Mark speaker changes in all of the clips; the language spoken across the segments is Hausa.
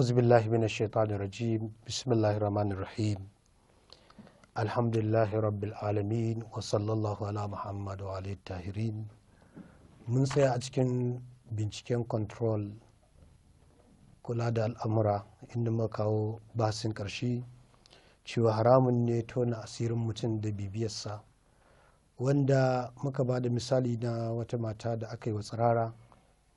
Speaker 1: أعوذ mina من الشيطان الرجيم بسم الله الرحمن الرحيم الحمد لله رب العالمين وصلى mun tsaya a cikin binciken control kula da al'amura inda muka kawo basin ƙarshe cewa haramun ne tona asirin mutum da bibiyarsa wanda muka ba da misali na wata mata da aka yi wa tsirara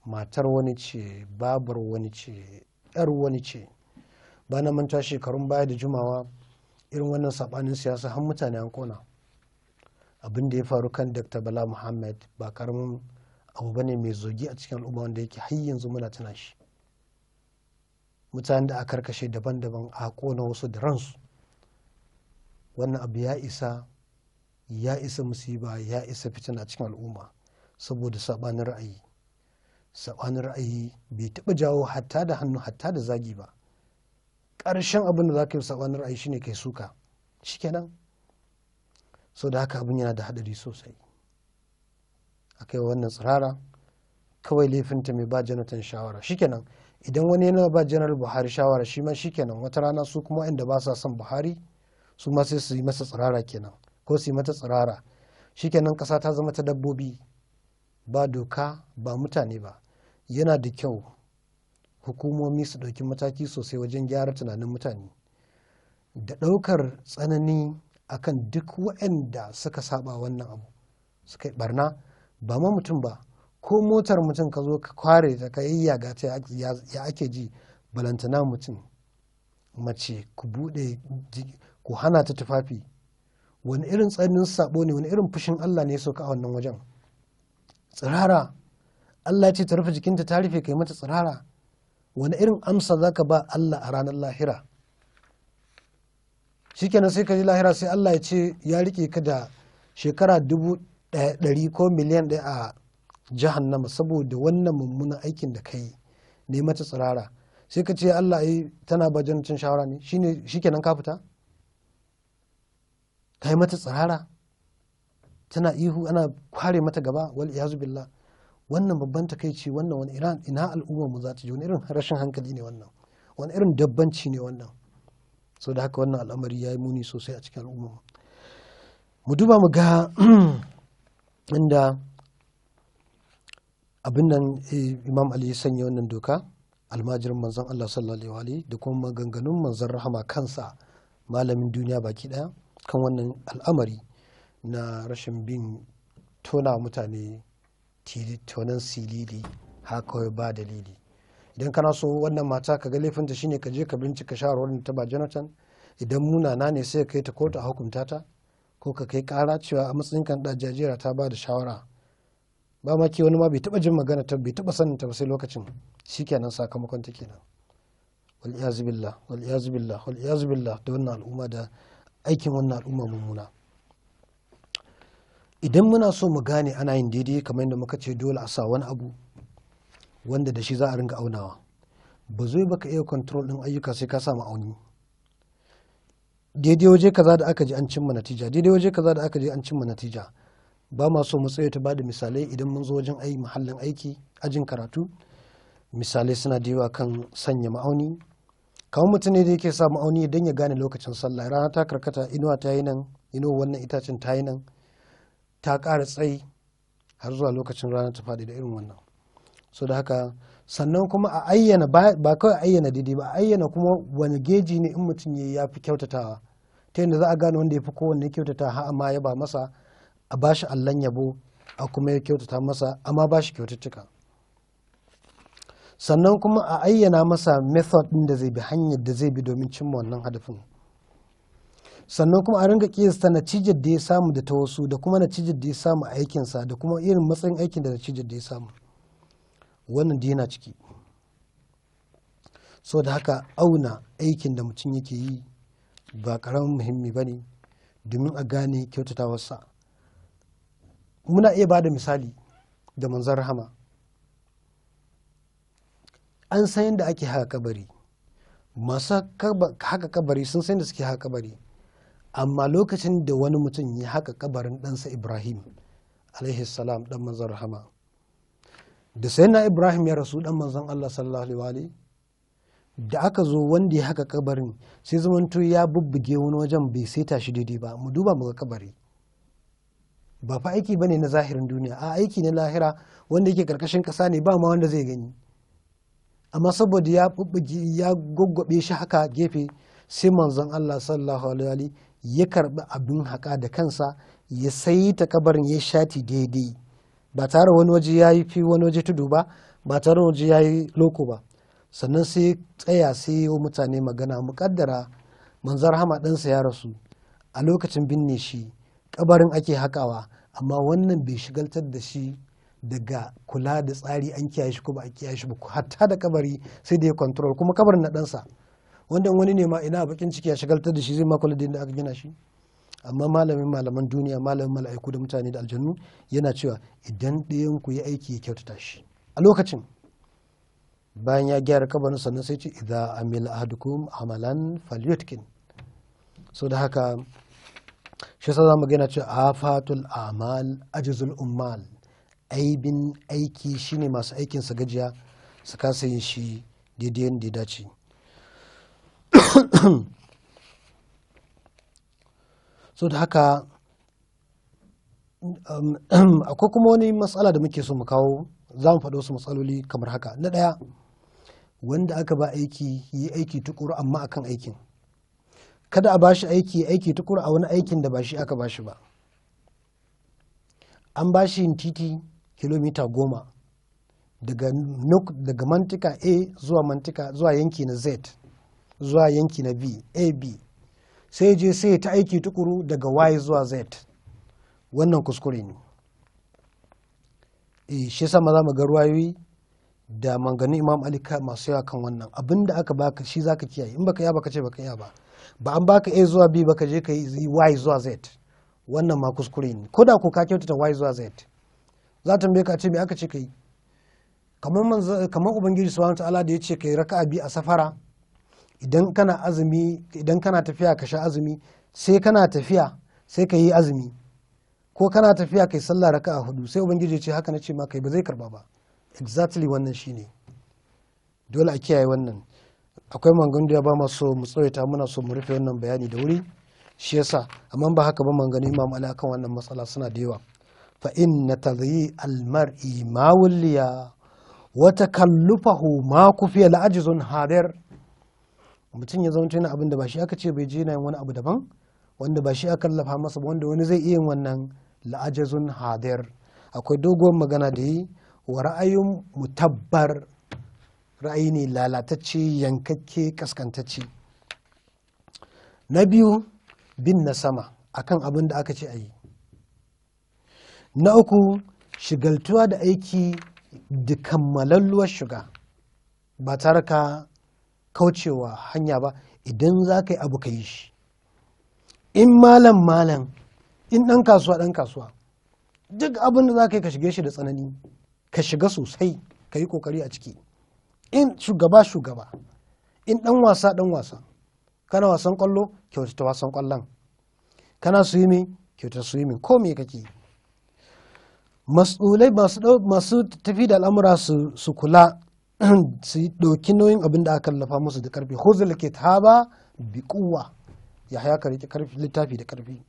Speaker 1: matar wani ce babar wani ce 'yar wani ce ba na manta shekarun baya da jumawa irin wannan sabanin siyasa har mutane an kona abin da ya faru kan dr bala muhammad ba karamin abu ba ne mai zogi a cikin al'umma wanda yake har yanzu muna tuna shi mutanen da aka karkashe daban-daban a kona wasu da ransu wannan abu ya isa ya isa musiba ya isa fitina cikin al'umma saboda sabanin ra'ayi saɓanin ra'ayi bai taɓa jawo hatta da hannu hatta da zagi ba karshen abin da za ka yi saɓanin ra'ayi shine kai suka shikenan sau da haka abin yana da haɗari sosai a kai wannan tsirara kawai laifinta mai ba janatan shawara shikenan idan wani yana ba janar buhari shawara shi ma shikenan wata rana su kuma inda ba sa son buhari su ma sai su yi masa tsirara kenan ko su yi mata tsirara shikenan ƙasa ta zama ta dabbobi ba doka ba mutane ba yana da kyau hukumomi su ɗauki mataki sosai wajen gyara tunanin mutane da ɗaukar tsanani akan duk waɗanda suka saba wannan abu suka yi barna ba ma mutum ba ko motar mutum ka zo ka kware ta ka yayyaga ta ya ake ji balantana mutum mace ku buɗe ku hana ta tufafi wani irin tsanin sabo ne wani irin fushin Allah ne sauka a wannan wajen tsirara Allah ce ta rufe jikinta ta rufe kai mata tsirara wani irin amsa za ka ba Allah a ranar lahira shikenan sai ka ji lahira sai Allah ya ce ya rike ka da shekara dubu ɗari ko miliyan ɗaya a nama saboda wannan mummunan aikin da ka yi ne mata tsirara sai ka ce Allah yi tana ba cin shawara ne shine shikenan ka fita ka yi mata tsirara tana ihu ana kware mata gaba wal iyazu billah wannan babban takaici wannan wani iran ina al'umma mu za ta ji wani irin rashin hankali ne wannan wani irin dabbanci ne wannan so da haka wannan al'amari ya yi muni sosai a cikin al'umma mu duba mu ga inda abin nan eh, imam ali ya sanya wannan doka almajirin manzon allah sallallahu alaihi da kuma maganganun manzon rahama kansa malamin duniya baki daya kan wannan al'amari na rashin bin tona mutane tonan silili haka kawai ba dalili idan kana so wannan mata ka ga laifinta shine ka je ka bincika shawarwarin ta ba jonathan idan muna na ne sai ka kai ta kotu a hukunta ta ko ka kai kara cewa a matsayin kan jajera ta ba da shawara ba ma ke wani ma bai taba jin magana ta bai taba sanin ta ba sai lokacin shikenan sakamakon ta kenan wal iyazu billah da wannan al'umma da aikin wannan al'umma mummuna idan muna so mu gane ana yin daidai kamar yadda muka ce dole a sa wani abu wanda da shi za a ringa aunawa ba zai baka iya control din ayyuka sai ka samu auni daidai waje kaza da aka ji an cimma natija daidai waje kaza da aka ji an cimma natija ba ma so mu tsaye ta bada misalai idan mun zo wajen ai mahallin aiki ajin karatu misalai suna da yawa kan sanya ma'auni kamar mutum ne da yake sa ma'auni idan ya gane lokacin sallah rana ta karkata inuwa ta yi nan inuwa wannan itacen ta yi nan ta ƙara tsayi har zuwa lokacin rana ta faɗi da irin wannan so da haka sannan kuma a ayyana ba kawai ayyana daidai ba ayyana kuma wani geji ne in mutum ya fi kyautatawa ta yadda za a gane wanda ya fi kowanne kyautata ha amma ya ba masa a ba shi allon yabo a kuma ya kyautata masa amma ba shi kyaututtuka sannan kuma a ayyana masa method ɗin da zai bi hanyar da zai bi domin cimma wannan hadafin sannan kuma a ringa kiyasta natijar da ya samu da ta wasu da kuma na natijar da ya samu aikinsa da kuma irin matsayin aikin da na natijar da ya samu wannan da yana ciki so da haka auna aikin da mutum yake yi ba karamin muhimmi ba ne domin a gane kyautata kyautatawarsa muna iya ba da misali da manzan rahama an san yadda ake haka kabari masu haka kabari sun san da suke haka kabari amma lokacin da wani mutum ya haka kabarin ɗansa ibrahim alaihi salam ɗan manzan rahama da sai na ibrahim ya rasu dan manzan allah sallallahu alaihi da aka zo wanda ya haka kabarin sai zamanto ya bubbuge wani wajen bai saita shi daidai ba mu duba mu ga kabari ba fa aiki bane na zahirin duniya a aiki na lahira wanda yake karkashin kasa ne ba ma wanda zai gani amma saboda ya bubbuge ya goggobe shi haka gefe sai manzon Allah sallallahu alaihi ya karbi abin haƙa da kansa ya sai ta kabarin ya shati daidai ba tare wani waje ya yi fi wani waje tudu ba ba tare wani waje ya yi loko ba sannan sai tsaya sai yi mutane magana muƙaddara manzar hama ɗansa ya rasu a lokacin binne shi kabarin ake hakawa amma wannan bai shigaltar da shi daga kula da tsari an kiyaye shi ko ba a kiyaye shi ba hatta da kabari sai da ya control kuma kabarin na ɗansa wanda wani ne ma ina a bakin ciki ya shagaltar da shi zai makwala da aka gina shi amma malamin malaman duniya malamin mala'iku da mutane da aljannu yana cewa idan ɗayan ku yi aiki ya kyautata shi a lokacin bayan ya gyara kabarin sannan sai ce idza amila ahadukum amalan falyutkin so da haka shi yasa zamu ga cewa afatul amal ajzul ummal aibin aiki shine masu aikin sa gajiya su kasa yin shi daidai yadda ya dace so da haka um, akwai kuma wani matsala da muke so mu kawo za mu faɗo su matsaloli kamar haka na ɗaya wanda aka ba aiki yi aiki tukuru amma akan aikin kada a bashi aiki aiki tukuru a wani aikin da ba shi aka ba shi ba an bashi yin titi kilomita goma daga mantika a zuwa zuwa yanki na z zuwa yanki na b ab sai je sai ta aiki tukuru daga y zuwa z wannan kuskure ne e shi sama za mu ga ruwayoyi da mangani imam ali masu yawa kan wannan abin da aka baka shi zaka kiyaye in baka ya baka ce baka ya ba ba an baka a zuwa b baka je ka yi y zuwa z wannan ma kuskure ne ko da ko ka kyautata y zuwa z za ta ka ce me aka ce ka kamar kamar ubangiji subhanahu ta'ala da ya ce yi raka'a bi a safara idan kana azumi idan kana tafiya ka sha azumi sai kana tafiya sai ka yi azumi ko kana tafiya kai sallah raka a hudu sai ubangiji ce haka na ce ma kai ba zai karba ba exactly wannan shine dole a kiyaye wannan akwai mangan ya ba ma so mu tsawaita muna so mu rufe wannan bayani da wuri shi yasa amma ba haka ba mangani imam ali akan wannan matsala suna da yawa fa inna tadhi al mar'i ma wulliya wa takallufahu ma kufiya la ajzun hadir mutum ya zama yana abin da ba shi aka ce bai je yana wani abu daban wanda ba shi aka lafa masa ba wanda wani zai iya yin wannan la'ajazun hadir akwai doguwar magana da yi wa ra'ayin mutabbar ra'ayi ne lalatacce yankakke kaskantacce na biyu bin na sama akan abin da aka ce a yi na uku shigaltuwa da aiki da kammalalluwar shiga ba tare ka kaucewa hanya ba idan za ka yi abu ka yi shi in malam malam in ɗan kasuwa ɗan kasuwa duk abin da za ka yi ka shige shi da tsanani ka shiga sosai ka yi kokari a ciki in shugaba shugaba in ɗan wasa ɗan wasa kana wasan kwallo kyautata wasan kwallon kana swimming kyautata swimming ko me kake masu tafi da al'amura su kula su ɗauki nauyin abin da aka kallafa musu da karfi huzul kitaba bi kuwa ya haya ka rike karfi littafi da karfi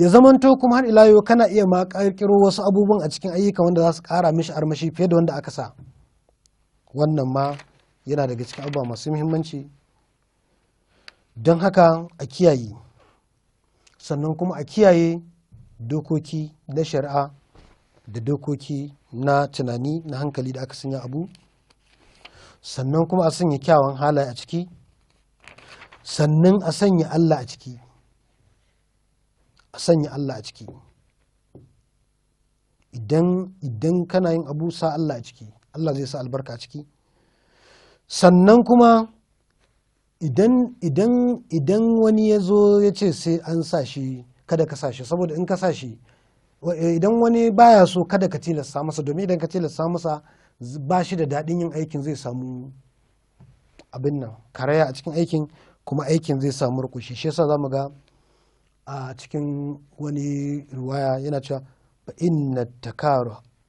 Speaker 1: ya zamanto kuma har ila yau kana iya ma kirkiro wasu abubuwan a cikin ayyuka wanda za su kara mishi armashi fiye da wanda aka sa wannan ma yana daga cikin abubuwa masu muhimmanci don haka a kiyaye sannan kuma a kiyaye dokoki na shari'a da dokoki na tunani na hankali da aka sanya abu sannan kuma a sanya kyawun hala a ciki sannan a sanya Allah a ciki a sanya Allah a ciki idan idan kana yin abu sa Allah a ciki Allah zai sa albarka a ciki sannan kuma idan idan wani ya zo ya ce sai an sa shi kada ka sa saboda in ka sa idan wani baya so kada ka tilasta masa domin idan ka tilasta masa ba shi da daɗin yin aikin zai samu abin nan karaya a cikin aikin kuma aikin zai samu rukushi shi yasa zamu ga a cikin wani waya yana cewa ba inna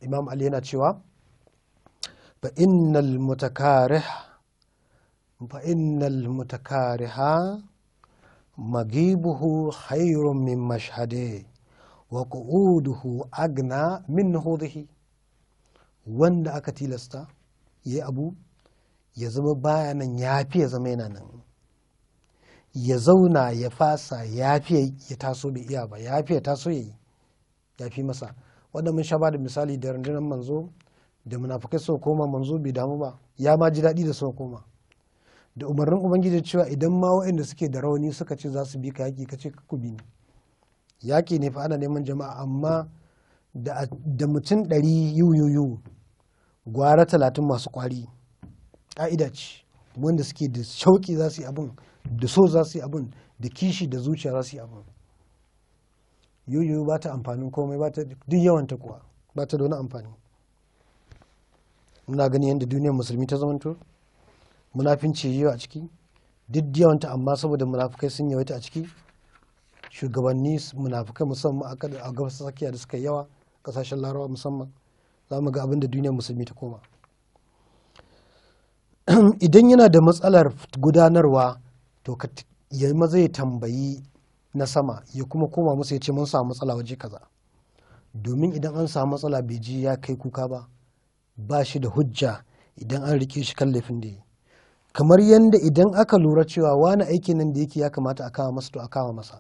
Speaker 1: imam ali yana cewa fa mutakariha magibuhu khairun min mashhadihi wa agna min nuhudihi wanda aka tilasta yayi abu ya zama baya nan fi ya zama yana nan ya zauna ya fasa ya fi ya taso bai iya ba yafi ya taso ya fi masa wanda mun sha da misali da rundunar manzo da munafukai suka koma manzo bai damu ba ya ma ji daɗi da suka koma da umarnin ubangiji cewa idan ma waɗanda suke da rauni suka ce za su bi ka yaƙi ka ce ku bi ni yaƙi ne fa ana neman jama'a amma da mutum ɗari yuyuyu gwara talatin masu kwari ƙa'ida ce wanda suke da shauƙi za su yi abin da so za su yi abin da kishi da zuciya za su yi abin yuyuyu ba ta amfanin komai ba ta duk yawanta kuwa ba ta da wani amfani muna gani yadda duniyar musulmi ta zamanto ce yawa a ciki duk yawanta amma saboda munafukai sun yawaita a ciki shugabanni munafukai musamman a gabas tsakiya da suka yawa kasashen larawa musamman za mu ga abin da duniya musulmi ta koma idan yana da matsalar gudanarwa to ya maza ya tambayi na sama ya kuma koma musu ya ce mun samu matsala waje kaza domin idan an samu matsala bai ji ya kai kuka ba ba shi da hujja idan an rike shi kan laifin da kamar yadda idan aka lura cewa wani aiki nan da yake ya kamata a kama masa to a kama masa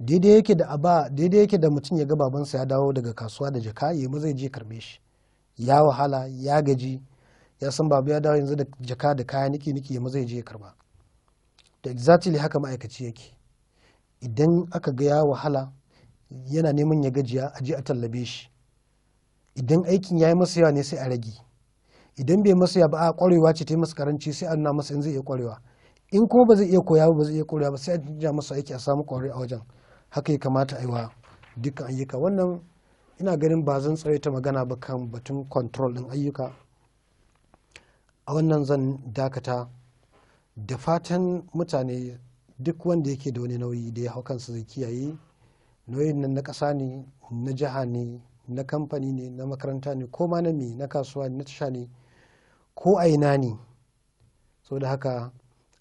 Speaker 1: daidai yake da aba daidai yake da mutum ya ga babansa ya dawo daga kasuwa da jaka ya ma zai je karbe shi ya wahala ya gaji ya san babu ya dawo yanzu da jaka da kaya niki niki ya ma zai ya karba da exactly haka ma'aikaci yake idan aka ga ya wahala yana neman ya gajiya a je a tallabe shi idan aikin ya yi masa yawa ne sai a rage idan bai masa ba a kwarewa ce ta yi masa karanci sai a nuna masa in zai iya kwarewa in kuma ba zai iya koya ba zai iya kwarewa ba sai a jinja masa aiki a samu kwarewa a wajen haka ya kamata a yi wa dukkan ayyuka wannan ina ganin ba zan tsawaita magana ba kan batun control din ayyuka a wannan zan dakata da fatan mutane duk wanda yake da wani nauyi da ya hau kansa zai kiyaye nauyin nan na ƙasa ne na jiha ne na kamfani ne na makaranta ne ko ma na me na kasuwa ne na tasha ne ko a ina ne da haka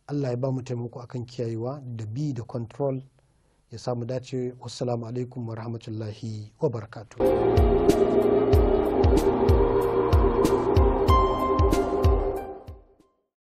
Speaker 1: allah ya ba mu taimako akan kiyayewa da bi da control ya samu dace wassalamu alaikum wa rahmatullahi wa barakatuh